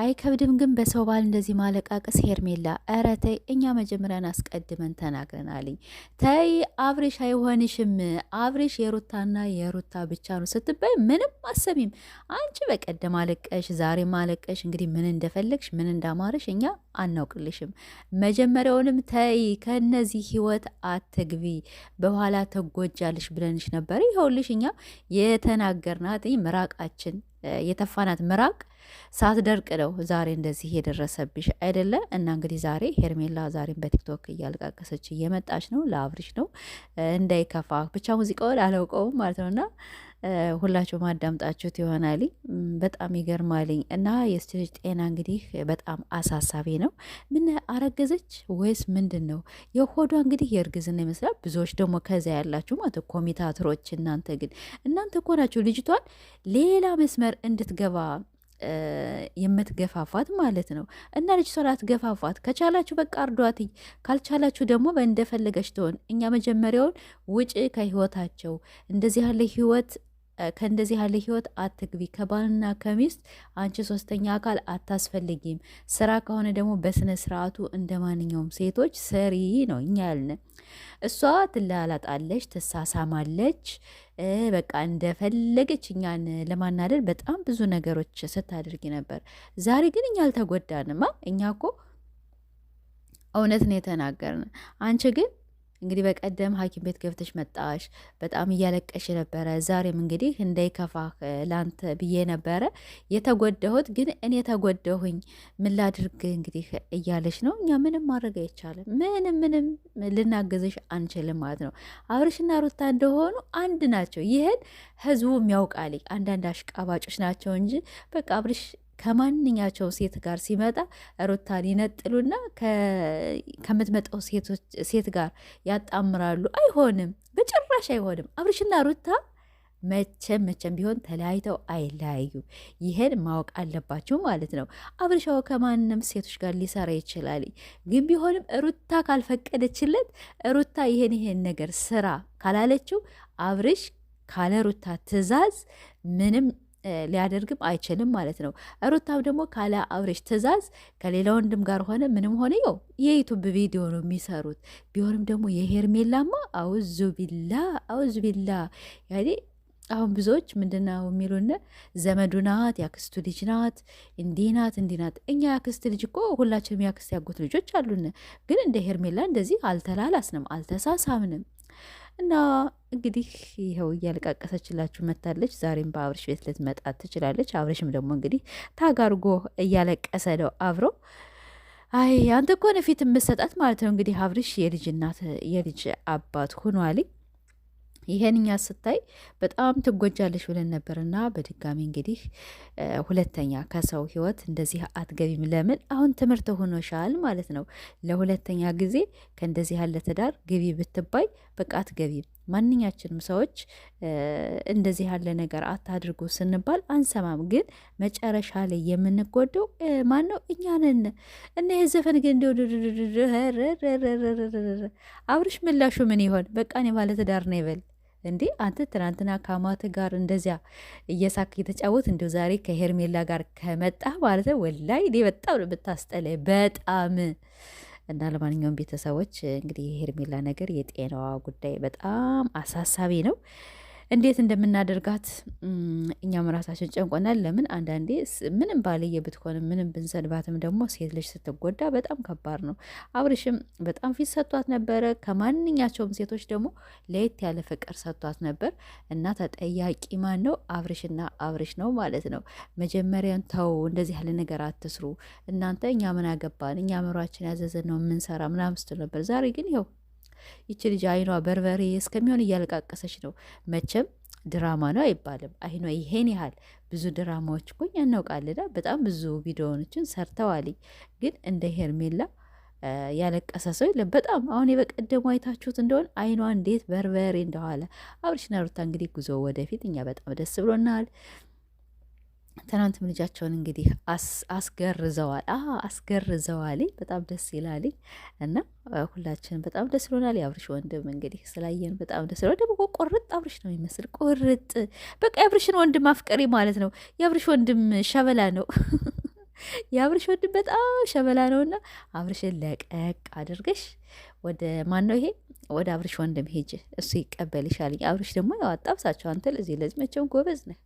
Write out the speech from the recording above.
አይከብድም ግን በሰው ባል እንደዚህ ማለቃቀስ ሄርሜላ፣ ኧረ ተይ። እኛ መጀመሪያን አስቀድመን ተናግረናልኝ። ተይ አብሬሽ አይሆንሽም፣ አብሬሽ የሩታና የሩታ ብቻ ነው ስትባይ ምንም አሰሚም አንቺ በቀደም አለቀሽ፣ ዛሬ ማለቀሽ። እንግዲህ ምን እንደፈለግሽ ምን እንዳማረሽ እኛ አናውቅልሽም። መጀመሪያውንም ተይ ከነዚህ ህይወት አትግቢ፣ በኋላ ተጎጃልሽ ብለንሽ ነበር። ይኸውልሽ እኛ የተናገርናት ምራቃችን የተፋናት ምራቅ ሳትደርቅ ነው ዛሬ እንደዚህ የደረሰብሽ አይደለ? እና እንግዲህ ዛሬ ሄርሜላ ዛሬን በቲክቶክ እያለቃቀሰች እየመጣች ነው። ለአብሪሽ ነው እንዳይከፋ ብቻ ሙዚቃውን አላውቀውም ማለት ነው እና ሁላችሁም ማዳምጣችሁት ይሆናል። በጣም ይገርማልኝ እና የሴቶች ጤና እንግዲህ በጣም አሳሳቢ ነው። ምን አረገዘች ወይስ ምንድን ነው የሆዷ እንግዲህ የእርግዝና ይመስላል። ብዙዎች ደግሞ ከዚያ ያላችሁ ማለት ኮሚታትሮች፣ እናንተ ግን እናንተ እኮ ናችሁ ልጅቷን ሌላ መስመር እንድትገባ የምትገፋፋት ማለት ነው። እና ልጅ ሰራት ገፋፋት፣ ከቻላችሁ በቃ አርዷት፣ ካልቻላችሁ ደግሞ በእንደፈለገች ትሆን። እኛ መጀመሪያውን ውጭ ከህይወታቸው እንደዚህ ያለ ህይወት ከእንደዚህ ያለ ህይወት አትግቢ። ከባልና ከሚስት አንቺ ሶስተኛ አካል አታስፈልጊም። ስራ ከሆነ ደግሞ በስነ ስርዓቱ እንደ ማንኛውም ሴቶች ሰሪ ነው እኛ ያልን። እሷ ትላላጣለች፣ ትሳሳማለች። በቃ እንደፈለገች እኛን ለማናደድ በጣም ብዙ ነገሮች ስታደርጊ ነበር። ዛሬ ግን እኛ አልተጎዳንማ። እኛ እኮ እውነት ነው የተናገርን። አንቺ ግን እንግዲህ በቀደም ሐኪም ቤት ገብተሽ መጣሽ፣ በጣም እያለቀሽ ነበረ። ዛሬም እንግዲህ እንዳይከፋህ ላንተ ብዬ ነበረ የተጎዳሁት፣ ግን እኔ ተጎደሁኝ ምን ላድርግ እንግዲህ እያለች ነው። እኛ ምንም ማድረግ አይቻልም፣ ምንም ምንም ልናገዝሽ አንችልም ማለት ነው። አብርሽና ሩታ እንደሆኑ አንድ ናቸው። ይህን ህዝቡ የሚያውቃል። አንዳንድ አሽቃባጮች ናቸው እንጂ በቃ አብርሽ ከማንኛቸው ሴት ጋር ሲመጣ ሩታን ይነጥሉና ከምትመጣው ሴት ጋር ያጣምራሉ። አይሆንም፣ በጭራሽ አይሆንም። አብርሽና ሩታ መቼም መቼም ቢሆን ተለያይተው አይለያዩም። ይህን ማወቅ አለባችሁ ማለት ነው። አብርሻው ከማንም ሴቶች ጋር ሊሰራ ይችላል፣ ግን ቢሆንም ሩታ ካልፈቀደችለት፣ ሩታ ይሄን ይሄን ነገር ስራ ካላለችው አብርሽ ካለ ሩታ ትዕዛዝ ምንም ሊያደርግም አይችልም ማለት ነው። ሩታም ደግሞ ካለ አብሬሽ ትዕዛዝ ከሌላ ወንድም ጋር ሆነ ምንም ሆነ ው የዩቱብ ቪዲዮ ነው የሚሰሩት። ቢሆንም ደግሞ የሄርሜላማ አውዙ ቢላ አውዙ ቢላ ያኔ አሁን ብዙዎች ምንድነው የሚሉን? ዘመዱ ናት፣ ያክስቱ ልጅ ናት፣ እንዲህ ናት፣ እንዲህ ናት። እኛ ያክስት ልጅ እኮ ሁላችንም ያክስት ያጎት ልጆች አሉን። ግን እንደ ሄርሜላ እንደዚህ አልተላላስንም፣ አልተሳሳምንም። እና እንግዲህ ይኸው እያለቃቀሰችላችሁ መታለች። ዛሬም በአብርሽ ቤት ልትመጣ ትችላለች። አብርሽም ደግሞ እንግዲህ ታጋርጎ እያለቀሰ ነው አብሮ አይ አንተ እኮ ነው ፊት የምትሰጣት ማለት ነው። እንግዲህ አብርሽ የልጅ እናት የልጅ አባት ሆኗል። ይሄንኛ ስታይ በጣም ትጎጃለሽ ብለን ነበርና በድጋሚ እንግዲህ ሁለተኛ ከሰው ህይወት እንደዚህ አትገቢም። ለምን አሁን ትምህርት ሆኖሻል ማለት ነው። ለሁለተኛ ጊዜ ከእንደዚህ ያለ ትዳር ግቢ ብትባይ በቃ አትገቢም። ማንኛችንም ሰዎች እንደዚህ ያለ ነገር አታድርጉ ስንባል አንሰማም፣ ግን መጨረሻ ላይ የምንጎደው ማን ነው? እኛ ነን። እና ይህ ግን እንዲሁ አብርሽ ምላሹ ምን ይሆን? በቃ እኔ ባለትዳር ነው ይበል። እንዴ አንተ ትናንትና ከአማትህ ጋር እንደዚያ እየሳክ እየተጫወት እንደው ዛሬ ከሄርሜላ ጋር ከመጣ ማለት ነው። ወላሂ እኔ በጣም ነው የምታስጠላኝ በጣም እና ለማንኛውም ቤተሰቦች እንግዲህ የሄርሜላ ነገር የጤናዋ ጉዳይ በጣም አሳሳቢ ነው። እንዴት እንደምናደርጋት እኛም ራሳችን ጨንቆናል። ለምን አንዳንዴ ምንም ባልየ ብትሆንም ምንም ብንሰድባትም ደግሞ ሴት ልጅ ስትጎዳ በጣም ከባድ ነው። አብርሽም በጣም ፊት ሰጥቷት ነበረ። ከማንኛቸውም ሴቶች ደግሞ ለየት ያለ ፍቅር ሰጥቷት ነበር እና ተጠያቂ ማን ነው? አብርሽና አብርሽ ነው ማለት ነው። መጀመሪያን ተው፣ እንደዚህ ያለ ነገር አትስሩ እናንተ፣ እኛ ምን አገባን፣ እኛ ምሯችን ያዘዘን ነው የምንሰራ ምናምን ስትል ነበር። ዛሬ ግን ይኸው ይቺ ልጅ አይኗ በርበሬ እስከሚሆን እያለቃቀሰች ነው። መቼም ድራማ ነው አይባልም። አይኗ ይሄን ያህል ብዙ ድራማዎች እኮ እኛ በጣም ብዙ ቪዲዮዎችን ሰርተዋል። ግን እንደ ሄርሜላ ያለቀሰ ሰው የለም። በጣም አሁን የበቀደሙ አይታችሁት እንደሆን አይኗ እንዴት በርበሬ እንደኋለ አብርሽና ሩታ እንግዲህ ጉዞ ወደፊት፣ እኛ በጣም ደስ ብሎናል። ትናንት ልጃቸውን እንግዲህ አስገርዘዋል። አዎ አስገርዘዋል። በጣም ደስ ይላል እና ሁላችንም በጣም ደስ ይሎናል። የአብርሽ ወንድም እንግዲህ ስላየን በጣም ደስ ይላል። ደግሞ ቆርጥ አብርሽ ነው የሚመስል ቆርጥ፣ በቃ የአብርሽን ወንድም አፍቀሪ ማለት ነው። የአብርሽ ወንድም ሸበላ ነው። የአብርሽ ወንድም በጣም ሸበላ ነው እና አብርሽን ለቀቅ አድርገሽ ወደ ማን ነው ይሄ ወደ አብርሽ ወንድም ሄጅ፣ እሱ ይቀበልሻል። አብርሽ ደግሞ ያው አጣብሳቸው አንተ ለዚህ ለዚህ መቼም ጎበዝ ነህ